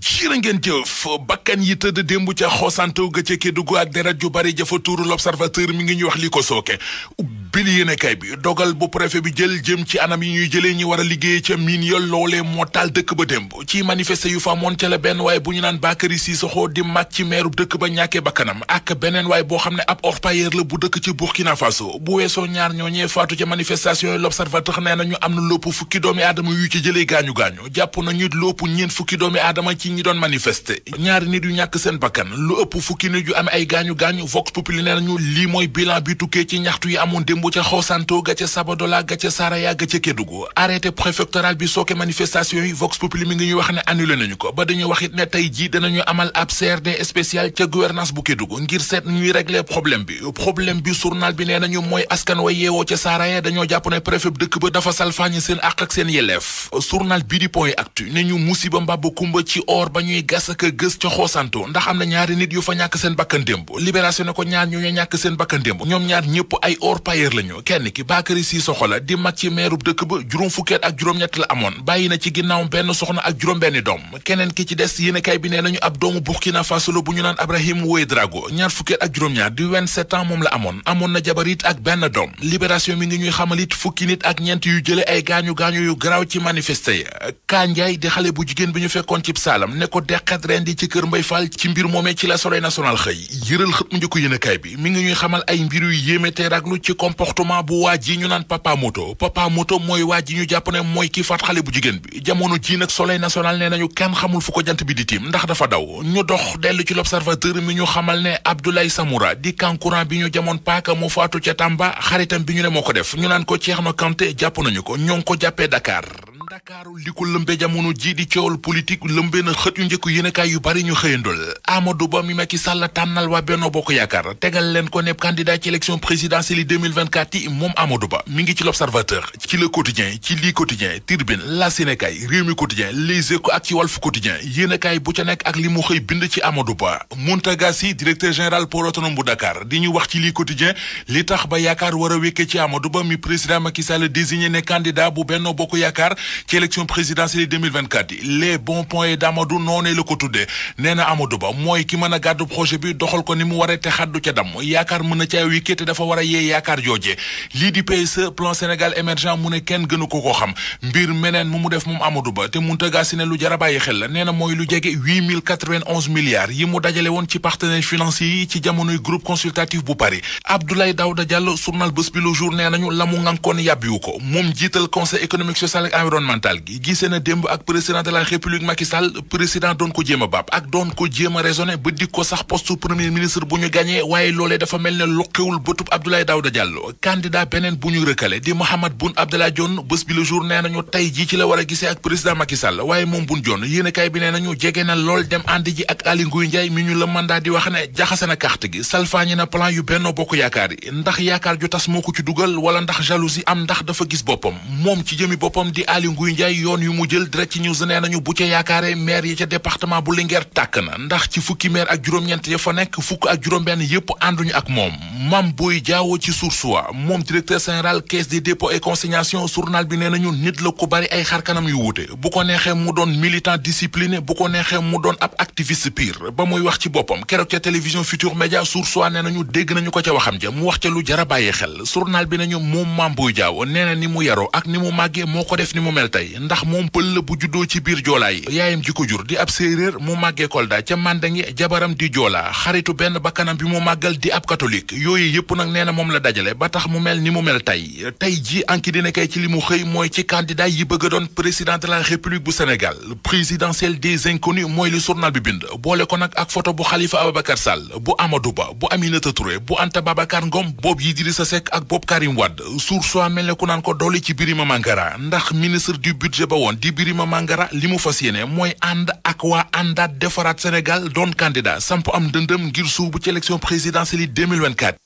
jiirë ngeen jëf bakkan yi tëdd démb ca xoosantaw ga ca Kédougou ak deret ju bari jëfa tuuru l'observateur mi ngi ñu wax li ko sooke bil yéenekaay bi dogal bu préfet bi jël jëm ci anam yi ñuy jëlee ñi war a liggéeye ca miin ya loolee moo taal dëkk ba démb ci manifester yu fa amoon ca la benn waaye bu ñu naan Bakary Cissokho di mag ci meerub dëkk ba ñàkkee bakkanam ak beneen waaye boo xam ne ab orpailleur la bu dëkk ci Burkina Faso bu weesoo ñaar ñooñee faatu ca manifestation yi l'observateur nee na ñu am na lopp fukki doomi aadama yu ci ñi doon manifester ñaari nit yu ñàkk seen bakkan lu ëpp fukki nit yu am ay gaañu gaañu vox populi nee nañu lii mooy bilan bi tukkee ci ñaxtu yi amoon démb ca Xosanto ga ca Sabadola ga ca Saraya ga ca Kédougou arrêté préfectoral bi sooke manifestation yi vox populi mi ngi ñuy wax ne annulé nañu ko ba dañuy wax it ne tey jii danañu amal ab CRD spécial ca gouvernance bu Kédougou ngir seet ñuy régler problème bi problème bi journal bi nee nañu mooy askan wa yeewoo ca Saraya dañoo jàpp ne préfet dëkk ba dafa salfaañi seen àq ak seen yelleef journal bi di ñu musiba mbaa ba kumba ci or ba ñuy gas ak gës ca xoosantu ndax am na ñaari nit yu fa ñàkk seen bakkan démb libération ne ko ñaar ñu ñu ñàkk seen bakkan démb ñoom ñëpp or payeur lañu kenn ki Bakary Cissokho la di mag juróom fukkeet ak juróom-ñett amoon bàyyi na ci ginnaaw benn soxna ak juróom-benni doom keneen ki ci des yéenekaay bi nee nañu ab doomu Burkina Faso la bu ñu naan Ibrahim Ouédraogo ñaar fukkeet ak juróom-ñaar di 27 ans moom la amoon amoon na jabar it ak benn doom libération mi ngi ñuy xamal it fukki nit ak ñeent yu jële ay gaañu gaañu yu garaw ci manifesté ya Ka Ndiaye di xale bu jigéen bi ñu fekkoon ci hôpitalam ne ko deqat ci kër Mbay Fall ci mbir moomee ci la Soleil national xëy yëral xët mu njëkko yéenekaay bi mi ngi ñuy xamal ay mbir yu yéeme te raglu ci comportement bu waa ji ñu naan papa moto papa moto mooy waa ji ñu jàpp ne mooy ki faat xale bu jigéen bi jamono ji nag Soleil national ne nañu kenn xamul fu ko jant bi di tiim ndax dafa daw ñu dox dellu ci l'observateur mi ñu xamal ne Abdoulaye Samoura di kankuran bi ñu jamoon paaka mu faatu ca bi ñu ne moo ko def ñu naan ko ndakaaru li ko lëmbe jamono ji di coowal politique lëmbe na xët yu njëkk yéenekaay yu bari ñu xëyandol Amadou Ba mi Macky Sall tànnal waa Benno Bokk Yaakaar tegal leen ko nepp candidat ci élection présidentielle ci Le Quotidien ci lii Quotidien Tribune La Sénégal Rewmi Quotidien Les Échos ak ci Walf Quotidien yéenekaay bu ca nekk ak li mu xëy bind ci Amadou Ba Mountaga Sy directeur général Port autonome bu Dakar di ñu wax ci lii Quotidien li tax ba yaakaar war a wékkee ci Amadou Ba mi président Macky Sall désigné ne candidat bu élection présidentielle 2024 les bons points et d'Amadou non et le côté nee na Amadou Ba mooy ki mën a projet bi doxal ko ni mu et te xaddu ca dam yaakaar mën na caa wikkee te dafa war a yee car joojee di PSE plan Sénégal émergent mon équipe kenn gënu ko koo xam mbir meneen mu mu def Amadou Ba te monte si ne lu jar a xel la nee lu 8091 milliards yi mu dajale woon ci partenaires financiers qui ci jamonoy groupe consultatif bu Paris Abdoulaye Daouda Diallo journal bés bi le jour nee nañu la mu ngànkoon yàbbiwu dit le conseil économique social et environnemental nataal gi gisee na démb ak président de la république Macky Sall président doon ko jéem a baab ak doon ko jéem a raisonné ba dik ko sax poste premier ministre bu ñu gagné waaye loolee dafa mel ne loqewul bëtub Abdoulaye Daouda Diallo candidat beneen bu ñu rëkkale di Mahammed Boun Abdallah Dionne bés bi le jour nee nañu tey jii ci la war a gisee ak président Macky waaye moom Boun Dionne yéenekaay bi nee nañu jege na lool dem ànd ji ak Aly Ngouille mi ñu la mandat di wax jaay yoon yu mu jël direct ci news nee nañu bu ca yaakaare maire yi ca département bu Linguère tàkk na ndax ci fukki maire ak juróom-ñeent ya fa nekk fukk ak juróom-benn yépp ànduñu ak moom mam booy jaawoo ci source wa moom directeur général caisse des dépôts et consignation journal bi nee nañu nit la ko bari ay xar kanam yu wute bu ko neexee mu doon militant discipliné bu ko neexee mu doon ab activiste pire ba muy wax ci boppam keroog ca télévision Futur Média source wa nee nañu dégg nañu ko ca waxam ja mu lu jara bàyyi xel journal bi nañu moom mam booy jaawo nee na ni mu yaroo ak ni mu màggee moo ko def ni mu tey joolaay ndax moom pël la bu juddoo ci biir joolaay yaayam ji ko jur di ab séeréer mu màggee Kolda ca Mandangi jabaram di joolaa xaritu benn bakkanam bi mu maggal di ab catholique yooyu yëpp nag nee na moom la dajale ba tax mu mel ni mu mel tey tey ji anki dina kay ci li mu xëy mooy ci candidat yi bëgg a doon président de la république bu Sénégal présidentielle des inconnus mooy li journal bi bind boole ko nag ak photo bu Khalifa Ababacar Sall bu Amadou Ba bu Aminata Touré bu Anta Babacar Ngom boobu Idrissa Seck ak boobu Karim Wade source mel ne ku naan ko dolli ci Birima Mangara ndax budget ba woon di biri Birima Mangara li mu fas yéene mooy ànd ak waa àndaat defaraat Sénégal doon candidat samp am dëndëm ngir suubu ci élection présidentielle yi 2024